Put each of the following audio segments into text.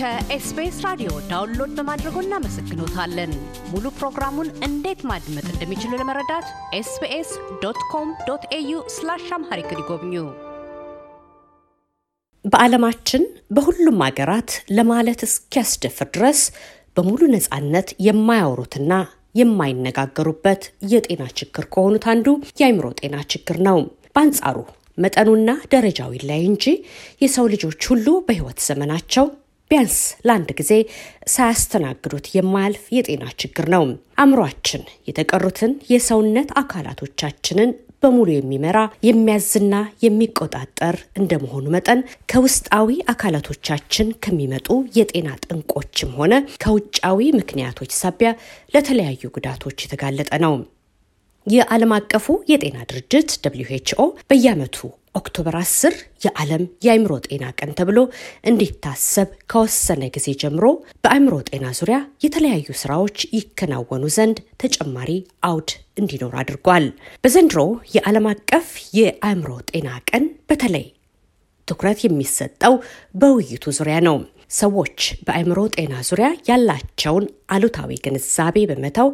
ከኤስቢኤስ ራዲዮ ዳውንሎድ በማድረጎ እናመሰግኖታለን። ሙሉ ፕሮግራሙን እንዴት ማድመጥ እንደሚችሉ ለመረዳት ኤስቢኤስ ዶት ኮም ዶት ኤዩ ስላሽ አምሃሪክ ይጎብኙ። በዓለማችን በሁሉም አገራት ለማለት እስኪያስደፍር ድረስ በሙሉ ነፃነት የማያወሩትና የማይነጋገሩበት የጤና ችግር ከሆኑት አንዱ የአይምሮ ጤና ችግር ነው። በአንጻሩ መጠኑና ደረጃው ላይ እንጂ የሰው ልጆች ሁሉ በህይወት ዘመናቸው ቢያንስ ለአንድ ጊዜ ሳያስተናግዱት የማያልፍ የጤና ችግር ነው። አእምሯችን የተቀሩትን የሰውነት አካላቶቻችንን በሙሉ የሚመራ የሚያዝና የሚቆጣጠር እንደመሆኑ መጠን ከውስጣዊ አካላቶቻችን ከሚመጡ የጤና ጠንቆችም ሆነ ከውጫዊ ምክንያቶች ሳቢያ ለተለያዩ ጉዳቶች የተጋለጠ ነው። የዓለም አቀፉ የጤና ድርጅት ደብሊው ኤች ኦ በየዓመቱ ኦክቶበር 10 የዓለም የአእምሮ ጤና ቀን ተብሎ እንዲታሰብ ከወሰነ ጊዜ ጀምሮ በአእምሮ ጤና ዙሪያ የተለያዩ ስራዎች ይከናወኑ ዘንድ ተጨማሪ አውድ እንዲኖር አድርጓል። በዘንድሮ የዓለም አቀፍ የአእምሮ ጤና ቀን በተለይ ትኩረት የሚሰጠው በውይይቱ ዙሪያ ነው። ሰዎች በአእምሮ ጤና ዙሪያ ያላቸውን አሉታዊ ግንዛቤ በመተው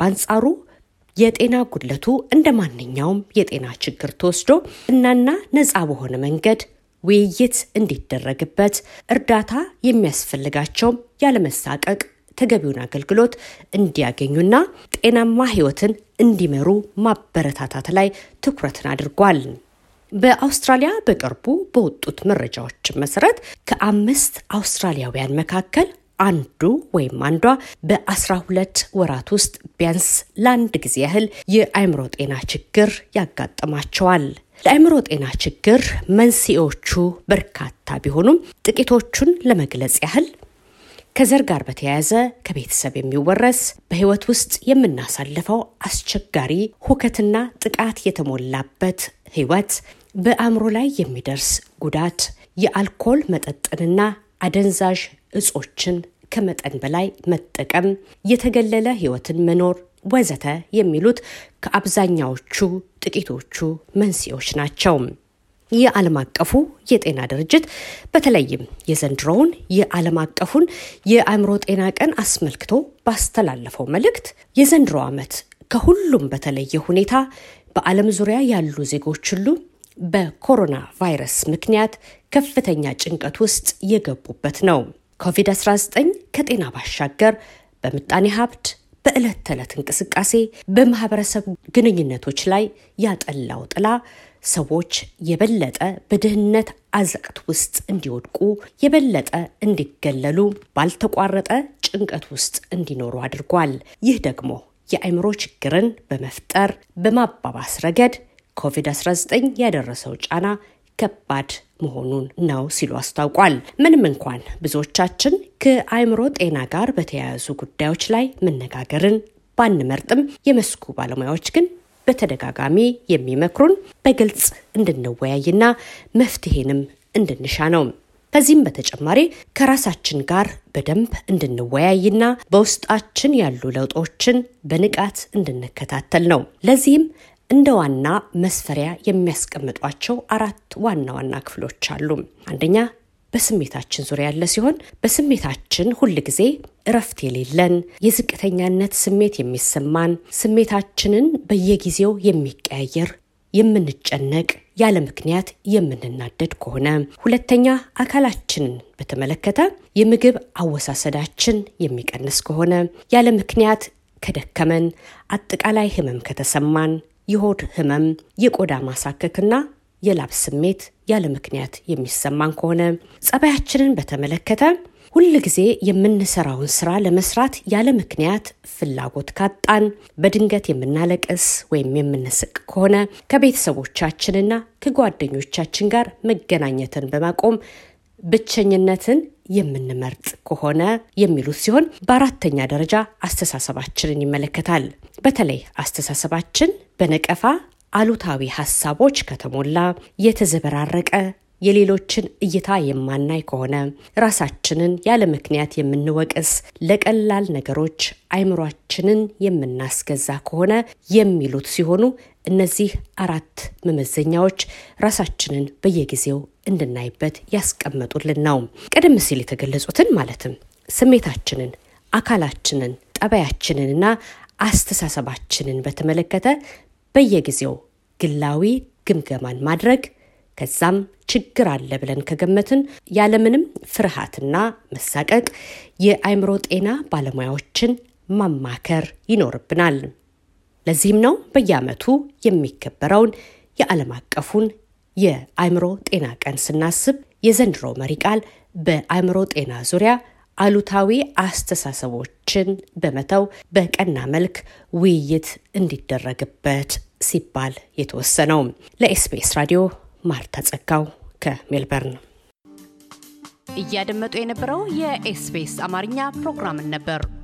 በአንጻሩ የጤና ጉድለቱ እንደ ማንኛውም የጤና ችግር ተወስዶ እናና ነፃ በሆነ መንገድ ውይይት እንዲደረግበት እርዳታ የሚያስፈልጋቸውም ያለመሳቀቅ ተገቢውን አገልግሎት እንዲያገኙና ጤናማ ህይወትን እንዲመሩ ማበረታታት ላይ ትኩረትን አድርጓል። በአውስትራሊያ በቅርቡ በወጡት መረጃዎች መሰረት ከአምስት አውስትራሊያውያን መካከል አንዱ ወይም አንዷ በ12 ወራት ውስጥ ቢያንስ ለአንድ ጊዜ ያህል የአእምሮ ጤና ችግር ያጋጥማቸዋል። ለአእምሮ ጤና ችግር መንስኤዎቹ በርካታ ቢሆኑም ጥቂቶቹን ለመግለጽ ያህል ከዘር ጋር በተያያዘ ከቤተሰብ የሚወረስ በህይወት ውስጥ የምናሳልፈው አስቸጋሪ ሁከትና ጥቃት የተሞላበት ህይወት በአእምሮ ላይ የሚደርስ ጉዳት፣ የአልኮል መጠጥንና አደንዛዥ እጾችን ከመጠን በላይ መጠቀም፣ የተገለለ ህይወትን መኖር ወዘተ የሚሉት ከአብዛኛዎቹ ጥቂቶቹ መንስኤዎች ናቸው። የዓለም አቀፉ የጤና ድርጅት በተለይም የዘንድሮውን የዓለም አቀፉን የአእምሮ ጤና ቀን አስመልክቶ ባስተላለፈው መልእክት የዘንድሮ ዓመት ከሁሉም በተለየ ሁኔታ በዓለም ዙሪያ ያሉ ዜጎች ሁሉ በኮሮና ቫይረስ ምክንያት ከፍተኛ ጭንቀት ውስጥ የገቡበት ነው። ኮቪድ-19 ከጤና ባሻገር በምጣኔ ሀብት፣ በዕለት ተዕለት እንቅስቃሴ፣ በማህበረሰብ ግንኙነቶች ላይ ያጠላው ጥላ ሰዎች የበለጠ በድህነት አዘቅት ውስጥ እንዲወድቁ የበለጠ እንዲገለሉ ባልተቋረጠ ጭንቀት ውስጥ እንዲኖሩ አድርጓል። ይህ ደግሞ የአእምሮ ችግርን በመፍጠር በማባባስ ረገድ ኮቪድ-19 ያደረሰው ጫና ከባድ መሆኑን ነው ሲሉ አስታውቋል። ምንም እንኳን ብዙዎቻችን ከአእምሮ ጤና ጋር በተያያዙ ጉዳዮች ላይ መነጋገርን ባንመርጥም የመስኩ ባለሙያዎች ግን በተደጋጋሚ የሚመክሩን በግልጽ እንድንወያይና መፍትሄንም እንድንሻ ነው። ከዚህም በተጨማሪ ከራሳችን ጋር በደንብ እንድንወያይና በውስጣችን ያሉ ለውጦችን በንቃት እንድንከታተል ነው። ለዚህም እንደ ዋና መስፈሪያ የሚያስቀምጧቸው አራት ዋና ዋና ክፍሎች አሉ። አንደኛ በስሜታችን ዙሪያ ያለ ሲሆን በስሜታችን ሁል ጊዜ እረፍት የሌለን የዝቅተኛነት ስሜት የሚሰማን ስሜታችንን በየጊዜው የሚቀያየር የምንጨነቅ ያለ ምክንያት የምንናደድ ከሆነ፣ ሁለተኛ አካላችንን በተመለከተ የምግብ አወሳሰዳችን የሚቀንስ ከሆነ፣ ያለ ምክንያት ከደከመን፣ አጠቃላይ ህመም ከተሰማን፣ የሆድ ህመም፣ የቆዳ ማሳከክና የላብ ስሜት ያለ ምክንያት የሚሰማን ከሆነ ጸባያችንን በተመለከተ ሁል ጊዜ የምንሰራውን ስራ ለመስራት ያለ ምክንያት ፍላጎት ካጣን፣ በድንገት የምናለቅስ ወይም የምንስቅ ከሆነ ከቤተሰቦቻችንና ከጓደኞቻችን ጋር መገናኘትን በማቆም ብቸኝነትን የምንመርጥ ከሆነ የሚሉት ሲሆን በአራተኛ ደረጃ አስተሳሰባችንን ይመለከታል። በተለይ አስተሳሰባችን በነቀፋ አሉታዊ ሀሳቦች ከተሞላ የተዘበራረቀ የሌሎችን እይታ የማናይ ከሆነ ራሳችንን ያለ ምክንያት የምንወቅስ፣ ለቀላል ነገሮች አይምሯችንን የምናስገዛ ከሆነ የሚሉት ሲሆኑ እነዚህ አራት መመዘኛዎች ራሳችንን በየጊዜው እንድናይበት ያስቀመጡልን ነው። ቀደም ሲል የተገለጹትን ማለትም ስሜታችንን፣ አካላችንን፣ ጠባያችንንና አስተሳሰባችንን በተመለከተ በየጊዜው ግላዊ ግምገማን ማድረግ ከዛም ችግር አለ ብለን ከገመትን ያለምንም ፍርሃትና መሳቀቅ የአእምሮ ጤና ባለሙያዎችን ማማከር ይኖርብናል። ለዚህም ነው በየዓመቱ የሚከበረውን የዓለም አቀፉን የአእምሮ ጤና ቀን ስናስብ የዘንድሮ መሪ ቃል በአእምሮ ጤና ዙሪያ አሉታዊ አስተሳሰቦችን በመተው በቀና መልክ ውይይት እንዲደረግበት ሲባል የተወሰነው። ለኤስቢኤስ ራዲዮ ማርታ ጸጋው ከሜልበርን። እያደመጡ የነበረው የኤስቢኤስ አማርኛ ፕሮግራምን ነበር።